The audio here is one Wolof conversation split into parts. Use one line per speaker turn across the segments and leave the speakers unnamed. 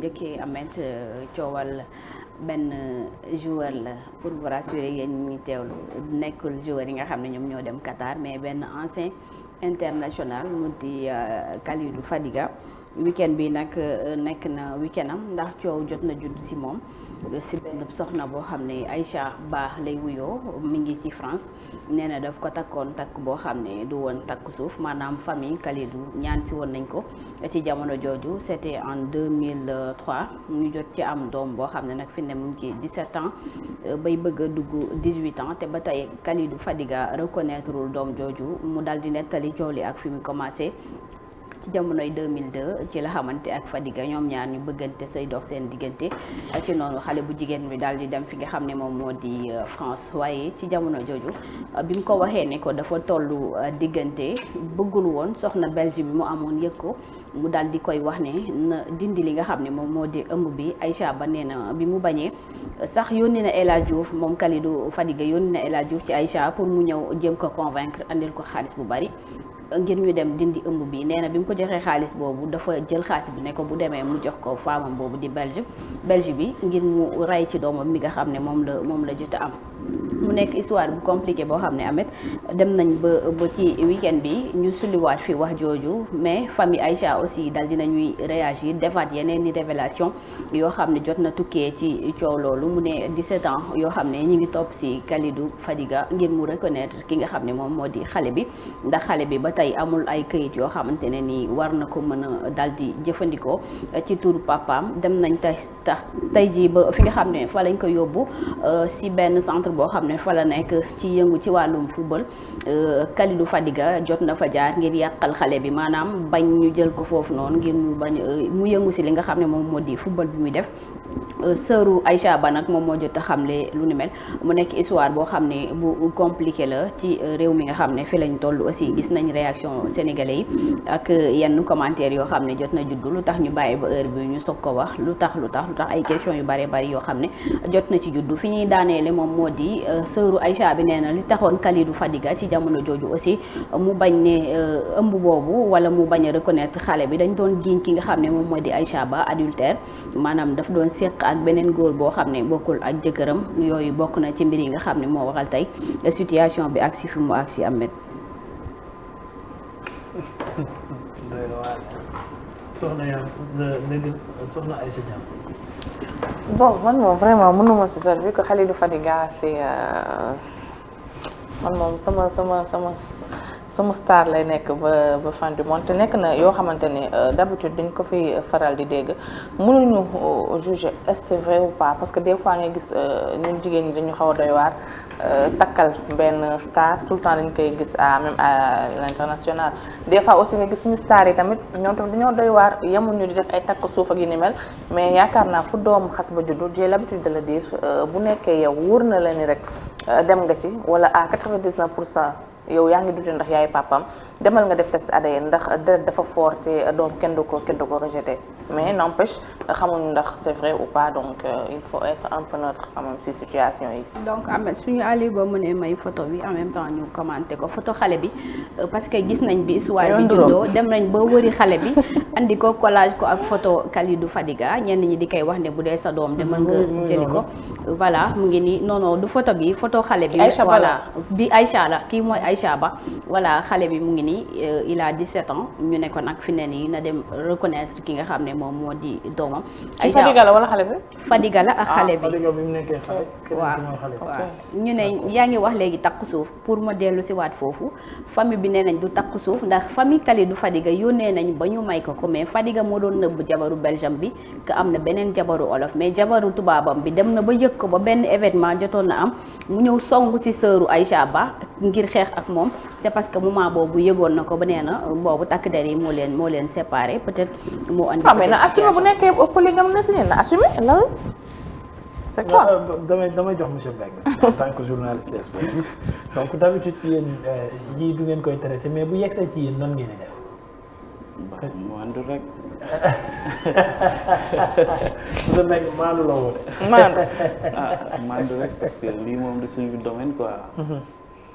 njëkkee amet euh, coowal benn joueur la pour vous rassurer yéen ñi teewlu nekkul joueur yi nga xam ne ñoom ñoo dem Qatar mais benn ancien international mu di euh, Kalidou Fadiga weekend bi nag euh, nekk na weekend am ndax coow jot na judd si moom si benn soxna boo xam ne ay Aïcha Ba lay wuyoo mi ngi ci France nee na daf ko takkoon takk boo xam ne du woon takk suuf maanaam famille Kalidou ñaan si woon nañ ko ci jamono jooju c'était en 2003 ñu jot ci am doom boo xam ne nag fi ne mu ngi ci 17 ans euh, bay bëgg dugg dugg 18 ans te ba tey Kalidou Fadiga reconnaître doom jooju mu dal di nettali coow li ak fi mu commencé ci jamonoy deux 2002 ci la xamante ak Fadiga ñoom ñaar ñu bëggante say dox seen diggante ci noonu xale bu jigéen bi daal di dem fi nga xam ne moom moo di euh, France waaye ci jamono jooju euh, bi mu ko waxee ne ko dafa tollu euh, diggante bëggul woon soxna belge bi mu amoon yëg ko mu daal di koy wax ne na dindi li nga xam ne moom moo di ëmb bi Aïcha ba nee na bi mu bañee sax yónni na El Diouf moom Kalidou Fadiga yónni na El Hadj Diouf ci Aïcha pour mu ñëw jéem ko convaincre andil ko xaalis bu bari ngir ñu dem dindi ëmb bii nee na bi mu ko joxee xaalis boobu dafa jël xaalis bi ne ko bu demee mu jox ko faamam boobu di belge belge bi ngir mu rey ci doomam mi nga xam ne moom la moom la jot a am mu nekk histoire bu compliquée boo xam ne Ameth dem nañ ba ba ci weekend bi ñu sulliwaat fi wax jooju mais ay Aïcha aussi dal dinañuy réagir defaat yeneen i révélation yoo xam ne jot na tukkee ci coow loolu mu ne 17 ans yoo xam ne ñi ngi topp si Kalidou Fadiga ngir mu reconnaître ki nga xam ne moom moo di xale bi ndax xale bi ba tey amul ay kayit yoo xamante ne ni war na ko mën a dal di jëfandikoo ci turu papaam dem nañ tey tax tey jii ba fi nga xam ne fa lañ ko yóbbu si euh, benn centre boo xam ne fa la nekk ci yëngu ci wàllum football euh, Kalidou Fadiga jot na fa jaar ngir yàqal xale bi maanaam bañ ñu jël ko foofu noonu ngir mu bañ euh, mu yëngu si li nga xam ne moom moo di football bi muy def euh, sëru ay Ba nag moom moo jot a xamle lu ni mel mu nekk histoire boo xam ne bu compliqué la ci réew mi nga xam ne fi lañu toll aussi gis nañ réaction sénégalais yi ak yenn commentaires yoo xam ne jot na juddu lu tax ñu bàyyi ba heure bi ñu soog ko wax lu tax lu tax tax ay question yu bare bari yoo xam ne sëru Aïcha bi nee na li taxoon Kalidou Fadiga ci jamono jooju aussi mu bañ ne euh, ëmb boobu wala mu bañ a reconnaître xale bi dañ doon giñ ki nga xam ne moom moo di Aïcha ba adultère maanaam daf doon séq ak beneen góor boo xam ne bokkul ak jëkkëram yooyu bokk na ci mbir yi nga xam ne moo waral tey situation bi ak si fi mu ak si Ahmed soxna bon man moom vraiment mënuma si sonn bi ko Khalilou Fadiga c'est euh, man moom sama sama sama sama star lay nekk ba ba fin du monde te nekk na yoo xamante ne euh, d'habitude dañ ko fi faral di dégg mënuñu euh, juger est-ce c'est parce que des fois nga gis euh, ñun jigéen ñi dañu xaw a doy waar takkal benn star tout le temps dañ koy gis à même à l'international des fois aussi nga gis suñu star yi tamit ñoo tamit dañoo doy waar yemuñu di def ay takk suuf ak yu ni mel mais yaakaar naa fu doom xas ba juddu j'ai l'habitude de le bu nekkee yow wóor na la ni rek dem nga ci wala yow yaa ngi dute ndax yaay papam demal nga def test ADN ndax deret dafa forte doom kenn du ko kenn ko rejeté mais n'empêche xamuñu ndax c'est vrai ou pas donc euh, il faut situation yi. donc Ameth suñu Aliou ba mu ne may photo bi en même temps ñu commenté ko photo xale bi euh, parce que gis nañ bi histoire bi juddoo dem nañ ba wëri xale bi andi ko collage ko ak photo du Fadiga ñenn ñi di koy wax ne bu dee sa doom demal nga jëli ko voilà mu ngi ni non non du photo bi photo xale bi. Aïcha bi Aïcha la kii mooy Aïcha ba voilà xale bi mu ngi ni ni euh, il a 17 ans ñu ne ko nag fi ne nii na dem reconnaître ki nga xam ne moom moo di doomam. ay Fadiga la wala xale bi. Fadiga la ak ah, xale bi Fadiga bi waaw ñu ne yaa ngi wax léegi takk suuf pour ma dellu si waat foofu famille bi nee nañ du takku suuf ndax famille du Fadiga yónnee nañ ba ñu may ko ko mais Fadiga moo doon nëbb jabaru belgium bi que am na beneen jabaru olof mais jabaru tubaabam bi dem na ba yëg ko ba benn événement jotoon na am mu ñëw song si sëru Aïcha Ba ngir xeex ak moom. c'est parce que moment boobu yëgoon na ko ba nee na boobu takk der yi moo leen moo leen séparé peut-être moo andi ah, mais assumé bu nekkee ëppali nga euh, damay jox monsieur Mbengue en tant que euh, du ngeen koy mais bu yegsee ci yéen nan ngeen di la woote. maandu ah rek parce que lii moom du suñu domaine quoi. Mm-hmm.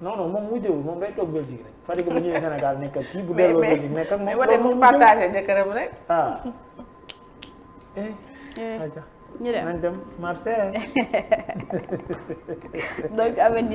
non non moom mujjewul moom day toog Belgique rek Fadiga bu ñëwee Sénégal nekk ak kii bu delloo Belgique nekk ak moom mais mu rek ah eh, eh, eh ayca ñu dem nañ dem Marseille